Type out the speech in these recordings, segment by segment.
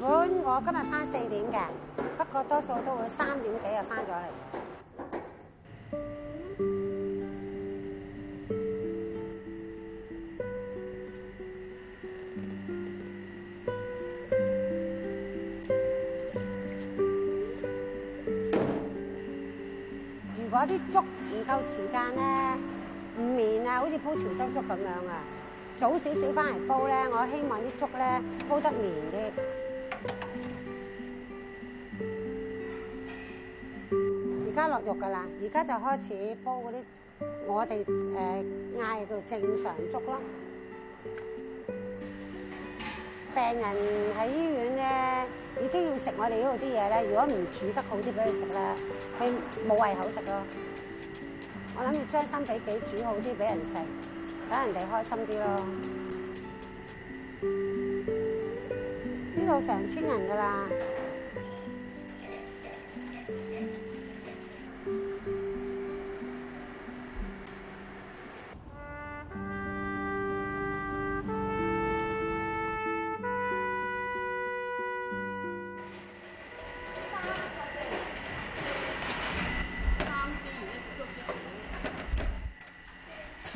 本我今日翻四點嘅，不過多數都會三點幾就翻咗嚟。如果啲粥唔夠時間咧，唔綿啊，好似煲潮州粥咁樣啊，早少少翻嚟煲咧，我希望啲粥咧煲得綿啲。肉噶啦，而家就開始煲嗰啲我哋誒嗌到正常粥咯。病人喺醫院咧，已經要食我哋呢度啲嘢咧。如果唔煮得好啲俾佢食啦，佢冇胃口食咯。我諗要將心比己，煮好啲俾人食，等人哋開心啲咯。呢度成千人噶啦。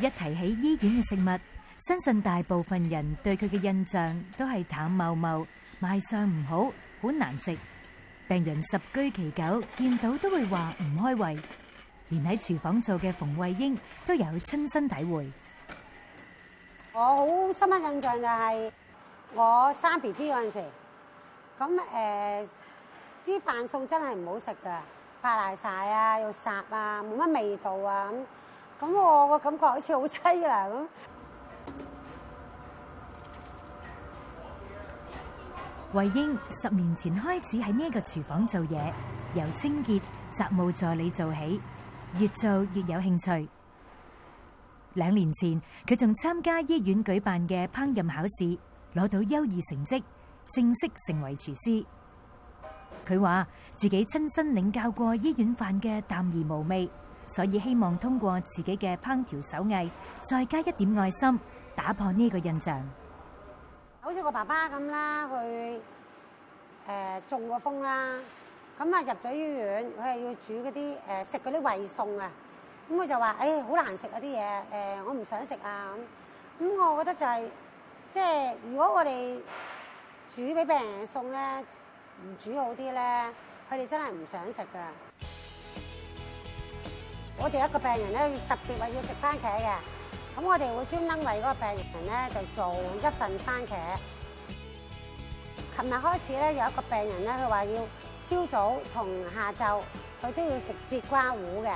一提起醫院嘅食物，相信大部分人對佢嘅印象都係淡茂茂，賣相唔好，好難食。病人十居其九，見到都會話唔開胃。連喺廚房做嘅馮慧英都有親身體會。我好深刻印象就係我生咁我個感覺好似好淒涼咁。惠英十年前開始喺呢個廚房做嘢，由清潔、雜務助理做起，越做越有興趣。兩年前佢仲參加醫院舉辦嘅烹飪考試，攞到優異成績，正式成為廚師。佢話自己親身領教過醫院飯嘅淡而無味。所以希望通過自己嘅烹調手藝,再加一點愛心,打破呢個印象。好似我爸爸咁啦，佢呃中過風啦，咁呀入咗醫院，佢係要煮嗰啲呃食嗰啲胃餸啊，咁佢就話呃好難食啊啲嘢，呃我唔想食啊咁，咁我覺得就係即係如果我哋煮俾病人餸咧，唔煮好啲咧，佢哋真係唔想食㗎。我哋一個病人咧，特別話要食番茄嘅，咁我哋會專登為嗰個病人咧就做一份番茄。琴日開始咧，有一個病人咧，佢話要朝早同下晝，佢都要食節瓜糊嘅，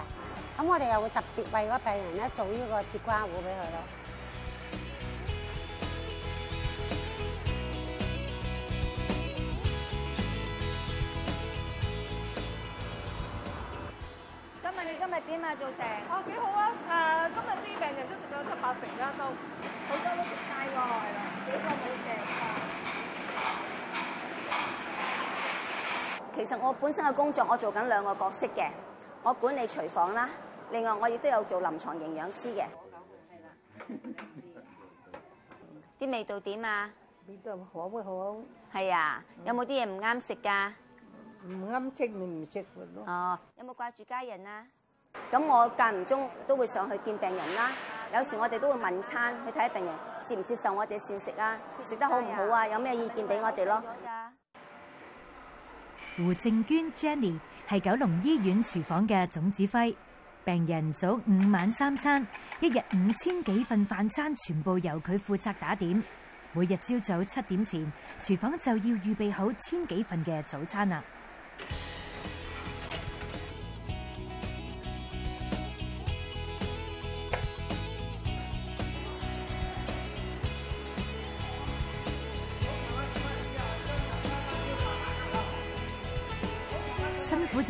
咁我哋又會特別為嗰個病人咧做呢個節瓜糊俾佢咯。點啊，做成哦，幾好啊！誒，今日啲病人都食咗七八成啦，都好多都食晒㗎啦，幾個冇食。其實我本身嘅工作，我做緊兩個角色嘅，我管理廚房啦，另外我亦都有做臨床營養師嘅。啲 味道點啊？味道可唔好？係啊，嗯、有冇啲嘢唔啱食噶？唔啱食，你唔食嘅咯。哦，有冇掛住家人啊？咁我間唔中都會上去見病人啦，啊，有時我哋都會問餐去睇病人，接唔接受我哋膳食啊，食得好唔好啊，有咩意見俾我哋咯，啊。胡正娟 Jenny 係九龍醫院廚房嘅總指揮，病人早五晚三餐，一日五千幾份飯餐，全部由佢負責打點。每日朝早七點前，廚房就要預備好千幾份嘅早餐啦。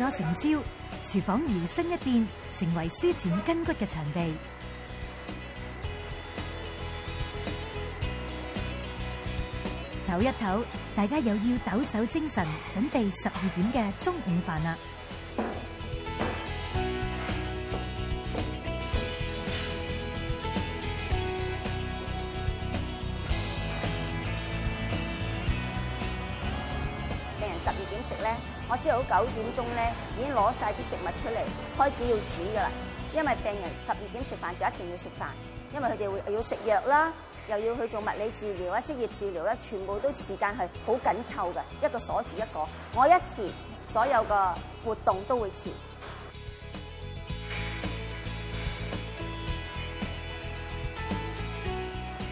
咗成朝，廚房搖身一變，成為舒展筋骨嘅場地。唞一唞，大家又要抖擻精神，準備十二點嘅中午飯啦。朝早九點鐘咧，已經攞晒啲食物出嚟，開始要煮噶啦。因為病人十二點食飯就一定要食飯，飯因為佢哋會要食藥啦，又要去做物理治療啦、職業治療啦，全部都時間係好緊湊嘅，一個鎖匙一個。我一遲，所有個活動都會遲。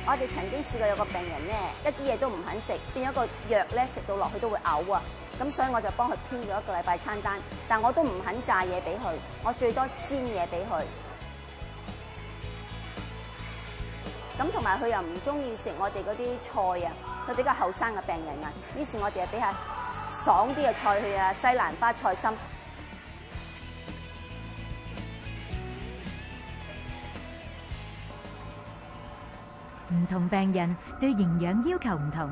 我哋曾經試過有個病人咧，一啲嘢都唔肯食，變咗個藥咧，食到落去都會嘔啊！咁所以我就幫佢編咗一個禮拜餐單，但我都唔肯炸嘢俾佢，我最多煎嘢俾佢。咁同埋佢又唔中意食我哋嗰啲菜啊，佢比較後生嘅病人啊，於是我哋啊俾下爽啲嘅菜去啊，西蘭花菜心。唔同病人對營養要求唔同。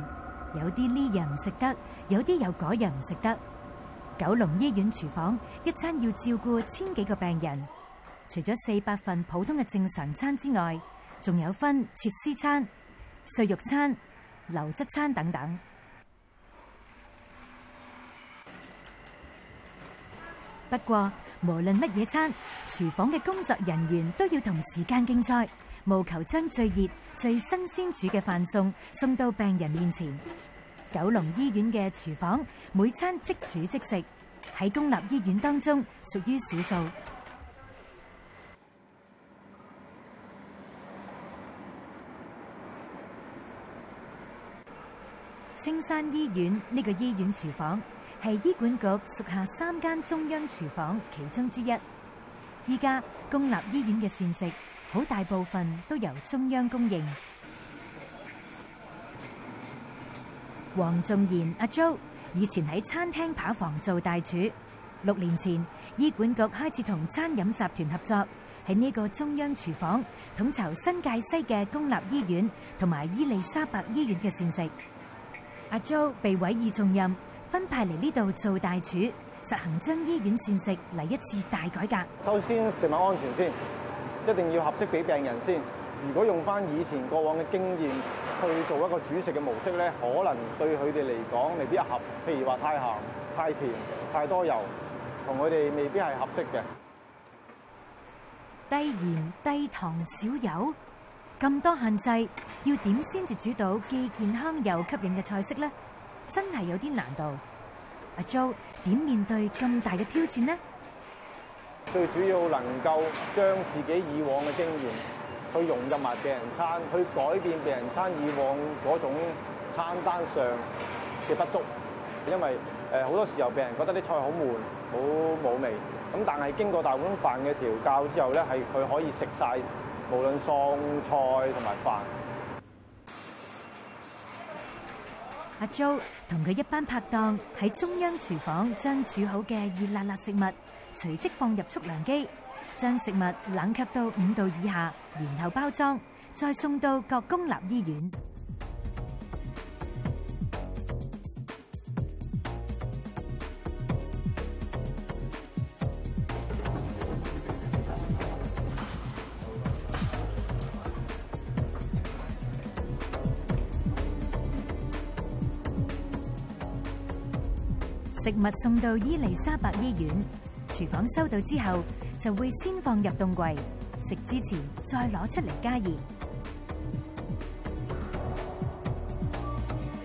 有啲呢樣唔食得，有啲有嗰樣唔食得。九龍醫院廚房一餐要照顧千幾個病人，除咗四百份普通嘅正常餐之外，仲有分切絲餐、碎肉餐、流質餐等等。不過無論乜嘢餐，廚房嘅工作人員都要同時間競賽。務求將最熱、最新鮮煮嘅飯餸送到病人面前。九龍醫院嘅廚房每餐即煮即食，喺公立醫院當中屬於少數。青山醫院呢、這個醫院廚房係醫管局屬下三間中央廚房其中之一。依家公立醫院嘅膳食。好大部分都由中央供應王賢，黃仲賢阿 Jo 以前喺餐廳跑房做大廚，六年前醫管局開始同餐飲集團合作，喺呢個中央廚房統籌新界西嘅公立醫院同埋伊利沙伯醫院嘅膳食。阿 Jo 被委以重任，分派嚟呢度做大廚，實行將醫院膳食嚟一次大改革。首先，食物安全先，一定要合適俾病人先。如果用翻以前過往嘅經驗去做一個煮食嘅模式咧，可能對佢哋嚟講未必合。譬如話太鹹、太甜、太多油，同佢哋未必係合適嘅。低鹽、低糖、少油，咁多限制，要點先至煮到既健康又吸引嘅菜式咧？真係有啲難度。阿 Jo 點面對咁大嘅挑戰呢？最主要能夠將自己以往嘅經驗，去融入埋病人餐，去改變病人餐以往嗰種餐單上嘅不足，因為誒好多時候，病人覺得啲菜好悶，好冇味，咁但係經過大碗飯嘅調教之後咧，係佢可以食晒，無論餸菜同埋飯。阿 Joe 同佢一班拍檔喺中央廚房將煮好嘅熱辣辣食物。隨即放入速涼機，將食物冷卻到五度以下，然後包裝，再送到各公立醫院。食物送到伊利沙伯醫院。廚房收到之後，就會先放入凍櫃，食之前再攞出嚟加熱。菜劑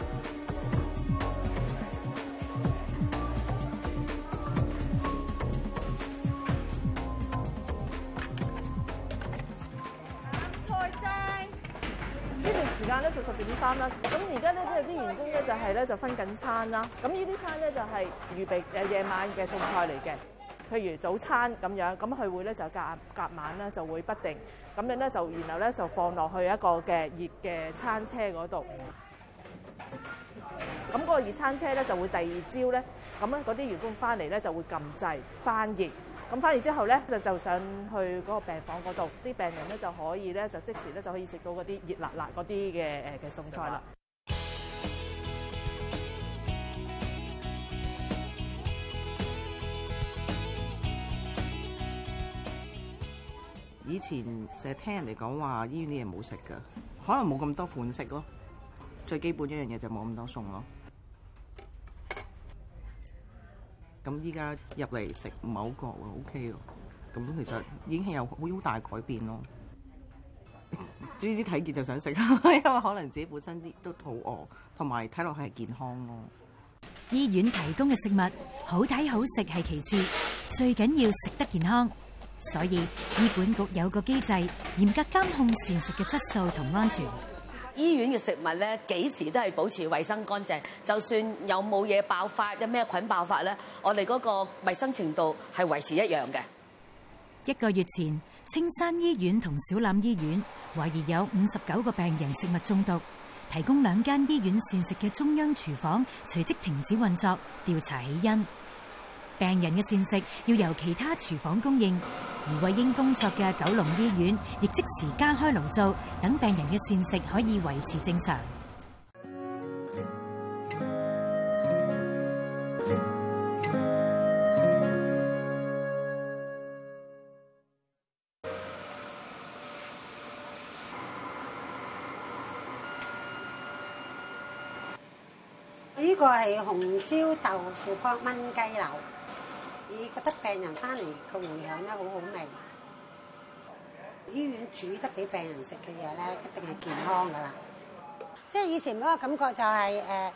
呢、嗯、段時間咧就十點三啦，咁而家咧都有啲員工咧就係、是、咧就分緊餐啦，咁呢啲餐咧就係、是、預備誒夜晚嘅餸菜嚟嘅。譬如早餐咁樣，咁佢會咧就隔隔晚咧就會不定咁樣咧，就然後咧就放落去一個嘅熱嘅餐車嗰度。咁嗰個熱餐車咧就會第二朝咧咁咧嗰啲員工翻嚟咧就會撳掣翻熱。咁翻熱之後咧就就上去嗰個病房嗰度，啲病人咧就可以咧就即時咧就可以食到嗰啲熱辣辣嗰啲嘅誒嘅餸菜啦。以前成日聽人哋講話醫院啲嘢唔好食噶，可能冇咁多款式咯。最基本一樣嘢就冇咁多餸咯。咁依家入嚟食唔係好覺喎，O K 喎。咁、OK、其實已經係有好大改變咯。終於睇見就想食，因為可能自己本身啲都肚餓，同埋睇落去係健康咯。醫院提供嘅食物好睇好食係其次，最緊要食得健康。所以醫管局有個機制，嚴格監控膳食嘅質素同安全。醫院嘅食物咧，幾時都係保持衛生乾淨，就算有冇嘢爆發，有咩菌爆發咧，我哋嗰個衛生程度係維持一樣嘅。一個月前，青山醫院同小欖醫院懷疑有五十九個病人食物中毒，提供兩間醫院膳食嘅中央廚房隨即停止運作，調查起因。病人嘅膳食要由其他廚房供應，而為應工作嘅九龍醫院亦即時加開爐灶，等病人嘅膳食可以維持正常。呢個係紅椒豆腐卜炆雞柳。你覺得病人翻嚟個回響咧，好好味，醫院煮得俾病人食嘅嘢咧一定係健康噶啦。即係以前嗰個感覺就係誒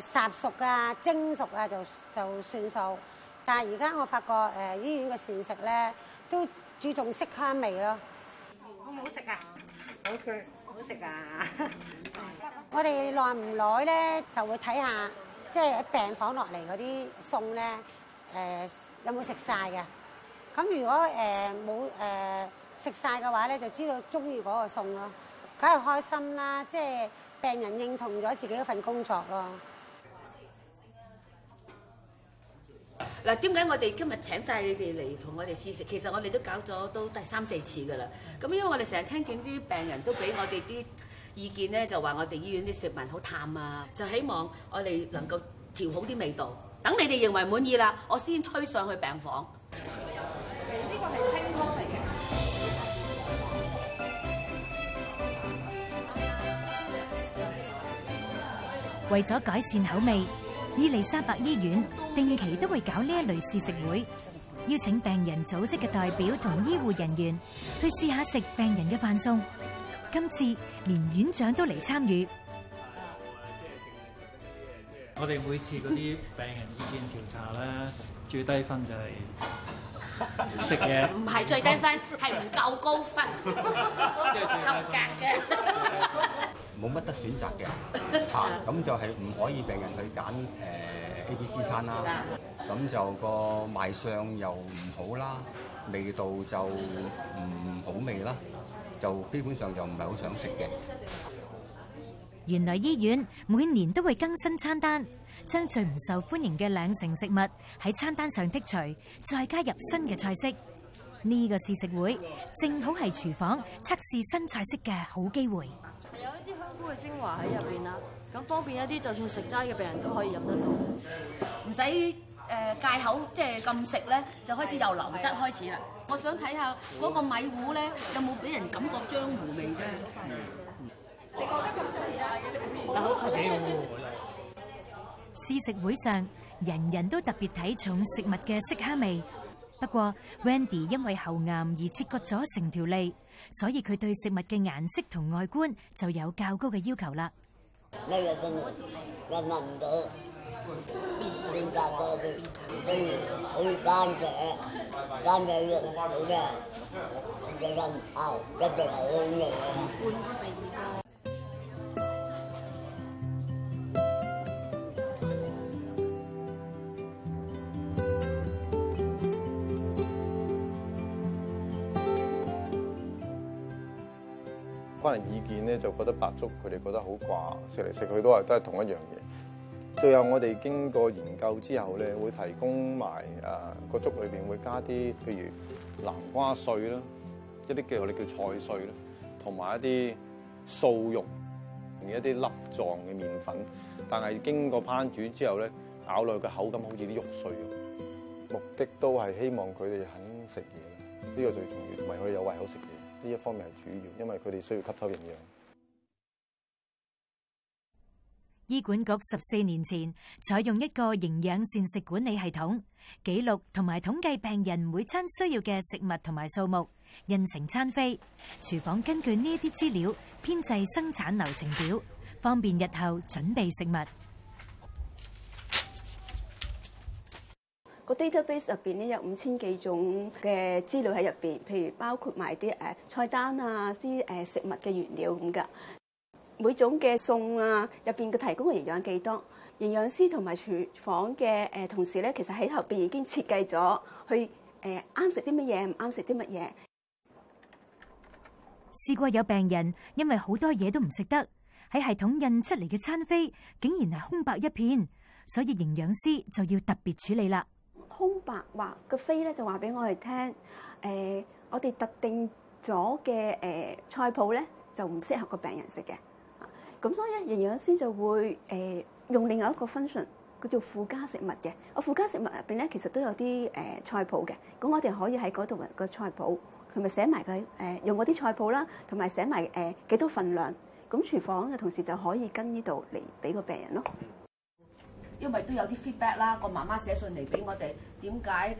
誒烚熟啊蒸熟啊就就算數，但係而家我發覺誒醫院嘅膳食咧都注重色香味咯。好唔好食啊？好食，好食啊！我哋耐唔耐咧就會睇下，即係病房落嚟嗰啲餸咧誒。有冇食晒嘅？咁如果誒冇誒食晒嘅話咧，就知道中意嗰個餸咯。梗係開心啦，即係病人認同咗自己一份工作咯。嗱，點解我哋今日請晒你哋嚟同我哋試食？其實我哋都搞咗都第三四次噶啦。咁因為我哋成日聽見啲病人都俾我哋啲意見咧，就話我哋醫院啲食物好淡啊，就希望我哋能夠調好啲味道。等你哋認為滿意啦，我先推上去病房。呢個係清湯嚟嘅。為咗改善口味，伊利沙伯醫院定期都會搞呢一類試食會，邀請病人組織嘅代表同醫護人員去試下食病人嘅飯餸。今次連院長都嚟參與。我哋每次嗰啲病人意見調查咧，最低分就係食嘢。唔係最低分係唔夠高分，即係合格嘅，冇乜得選擇嘅吓，咁就係唔可以病人去揀誒 A 原來醫院每年都會更新餐單，將最唔受歡迎嘅兩成食物喺餐單上剔除，再加入新嘅菜式。呢個試食會正好係廚房測試新菜式嘅好機會。係有一啲香菇嘅精華喺入邊啦，咁方便一啲，就算食齋嘅病人都可以飲得到，唔使誒戒口，即係咁食咧，就開始由流質開始啦。 我想睇下嗰個米糊咧，有冇俾人感覺漿糊味啫？ 你覺得咁試食會上，人人都特別睇重食物嘅色香味。不過 Wendy 因為喉癌而切割咗成條脷，所以佢對食物嘅顏色同外觀就有較高嘅要求啦。翻嚟意見咧，就覺得白粥佢哋覺得好寡，食嚟食去都係都係同一樣嘢。最後我哋經過研究之後咧，會提供埋誒個粥裏邊會加啲譬如南瓜碎啦，一啲叫我哋叫菜碎啦，同埋一啲素肉同一啲粒狀嘅麵粉。但係經過烹煮之後咧，咬落去嘅口感好似啲肉碎咁。目的都係希望佢哋肯食嘢，呢、這個最重要，咪可佢有胃口食嘢。呢一方面係主要，因為佢哋需要吸收營養。醫管局十四年前採用一個營養膳食管理系統，記錄同埋統計病人每餐需要嘅食物同埋數目，印成餐費。廚房根據呢啲資料編制生產流程表，方便日後準備食物。個 database 入邊咧有五千幾種嘅資料喺入邊，譬如包括埋啲誒菜單啊，啲誒食物嘅原料咁㗎。每種嘅餸啊，入邊嘅提供嘅營養幾多？營養師同埋廚房嘅誒同事咧，其實喺後邊已經設計咗去誒啱食啲乜嘢，唔啱食啲乜嘢。試過有病人因為好多嘢都唔食得，喺系統印出嚟嘅餐飛竟然係空白一片，所以營養師就要特別處理啦。白話個飛咧就話俾我哋聽、呃，我哋特定咗嘅、呃、菜譜咧就唔適合個病人食嘅。咁、啊、所以營養師就會、呃、用另外一個 function 叫做附加食物嘅。我、啊、附加食物入面咧其實都有啲、呃、菜譜嘅。咁我哋可以喺嗰度個菜譜，同埋寫埋佢、呃、用嗰啲菜譜啦，同埋寫埋幾、呃、多份量。咁廚房嘅同事就可以跟呢度嚟俾個病人咯。因為都有啲 feedback 啦，個媽媽寫信嚟俾我哋，點解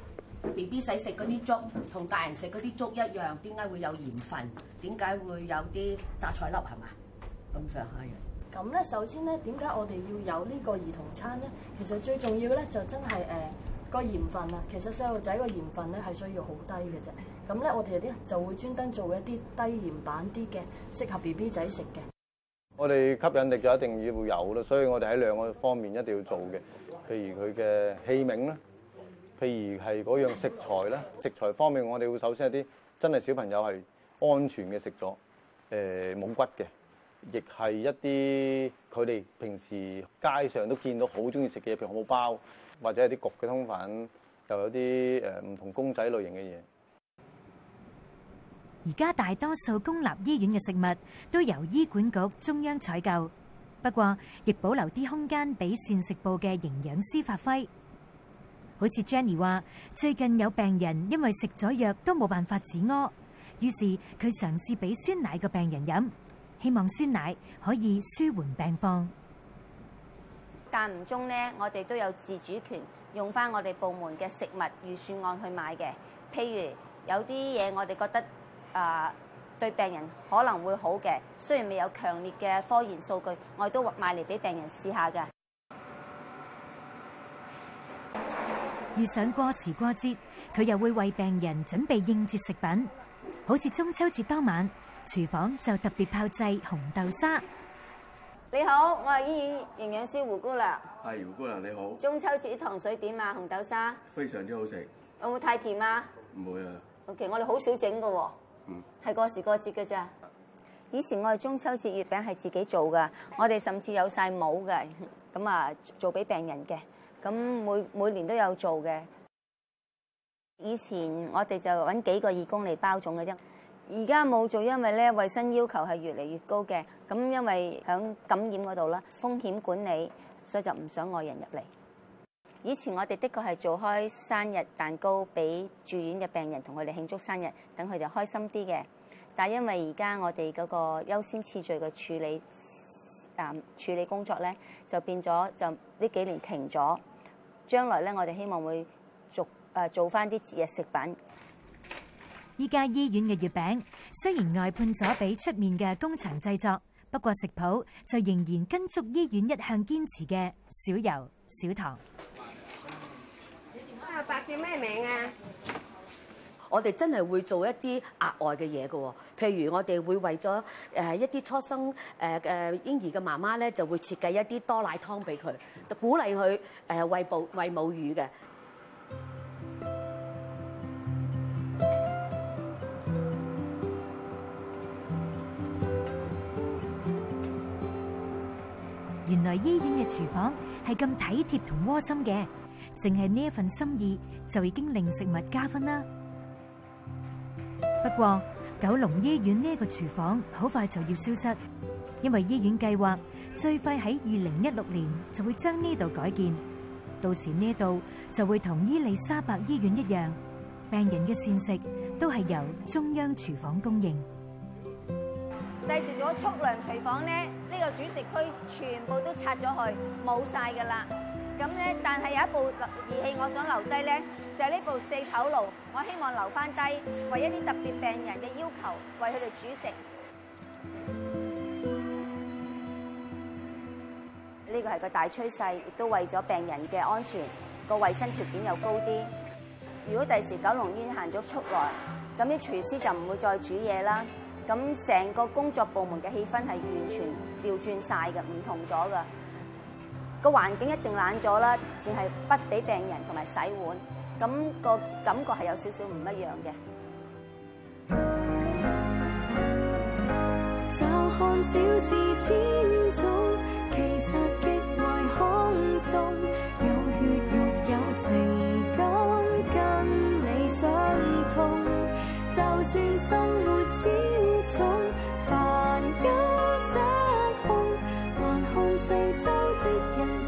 BB 仔食嗰啲粥同大人食嗰啲粥一樣，點解會有鹽分？點解會有啲雜菜粒？係嘛？咁上下嘅。咁咧，首先咧，點解我哋要有呢個兒童餐咧？其實最重要咧，就真係誒個鹽分啊。其實細路仔個鹽分咧係需要好低嘅啫。咁咧，我哋啲就會專登做一啲低鹽版啲嘅，適合 BB 仔食嘅。我哋吸引力就一定要有啦，所以我哋喺兩個方面一定要做嘅，譬如佢嘅器皿啦，譬如係嗰樣食材啦，食材方面我哋會首先有啲真係小朋友係安全嘅食咗，誒、呃、冇骨嘅，亦係一啲佢哋平時街上都見到好中意食嘅嘢，譬如漢堡包或者係啲焗嘅通粉，又有啲誒唔同公仔類型嘅嘢。而家大多數公立醫院嘅食物都由醫管局中央採購，不過亦保留啲空間俾膳食部嘅營養師發揮。好似 Jenny 話，最近有病人因為食咗藥都冇辦法止屙，於是佢嘗試俾酸奶個病人飲，希望酸奶可以舒緩病況。間唔中呢，我哋都有自主權，用翻我哋部門嘅食物預算案去買嘅。譬如有啲嘢我哋覺得，誒、uh, 對病人可能會好嘅，雖然未有強烈嘅科研數據，我亦都買嚟俾病人試下㗎。遇上過時過節，佢又會為病人準備應節食品，好似中秋節當晚，廚房就特別炮製紅豆沙。你好，我係醫院營養師胡姑娘。係胡姑娘，你好。中秋節糖水點啊？紅豆沙。非常之好食。有冇太甜啊？唔會啊。OK，我哋好少整㗎喎。嗯。係過時過節嘅咋。以前我哋中秋節月餅係自己做噶，我哋甚至有晒模嘅，咁啊做俾病人嘅。咁每每年都有做嘅。以前我哋就揾幾個義工嚟包粽嘅啫。而家冇做，因為咧衛生要求係越嚟越高嘅。咁因為響感染嗰度啦，風險管理，所以就唔想外人入嚟。以前我哋的確係做開生日蛋糕俾住院嘅病人同佢哋慶祝生日，等佢哋開心啲嘅。但係因為而家我哋嗰個優先次序嘅處理，誒、呃、處理工作咧就變咗就呢幾年停咗。將來咧，我哋希望會續誒做翻啲節日食品。依家醫院嘅月餅雖然外判咗俾出面嘅工廠製作，不過食譜就仍然跟足醫院一向堅持嘅少油少糖。叫咩名啊？我哋真係會做一啲額外嘅嘢嘅，譬如我哋會為咗誒一啲初生誒嘅嬰兒嘅媽媽咧，就會設計一啲多奶湯俾佢，鼓勵佢誒餵母餵母乳嘅。原來醫院嘅廚房係咁體貼同窩心嘅。淨係呢一份心意就已經令食物加分啦。不過九龍醫院呢個廚房好快就要消失，因為醫院計劃最快喺二零一六年就會將呢度改建。到時呢度就會同伊利沙伯醫院一樣，病人嘅膳食都係由中央廚房供應。第時做咗速量廚房咧，呢個主食區全部都拆咗去，冇晒噶啦。咁咧，但係有一部儀器，我想留低咧，就係、是、呢部四頭爐，我希望留翻低，為一啲特別病人嘅要求，為佢哋煮食。呢個係個大趨勢，亦都為咗病人嘅安全，個衛生條件又高啲。如果第時九龍醫院行咗出來，咁啲廚師就唔會再煮嘢啦。咁成個工作部門嘅氣氛係完全調轉晒嘅，唔同咗噶。個環境一定冷咗啦，淨係不俾病人同埋洗碗，咁個感覺係有少少唔一樣嘅。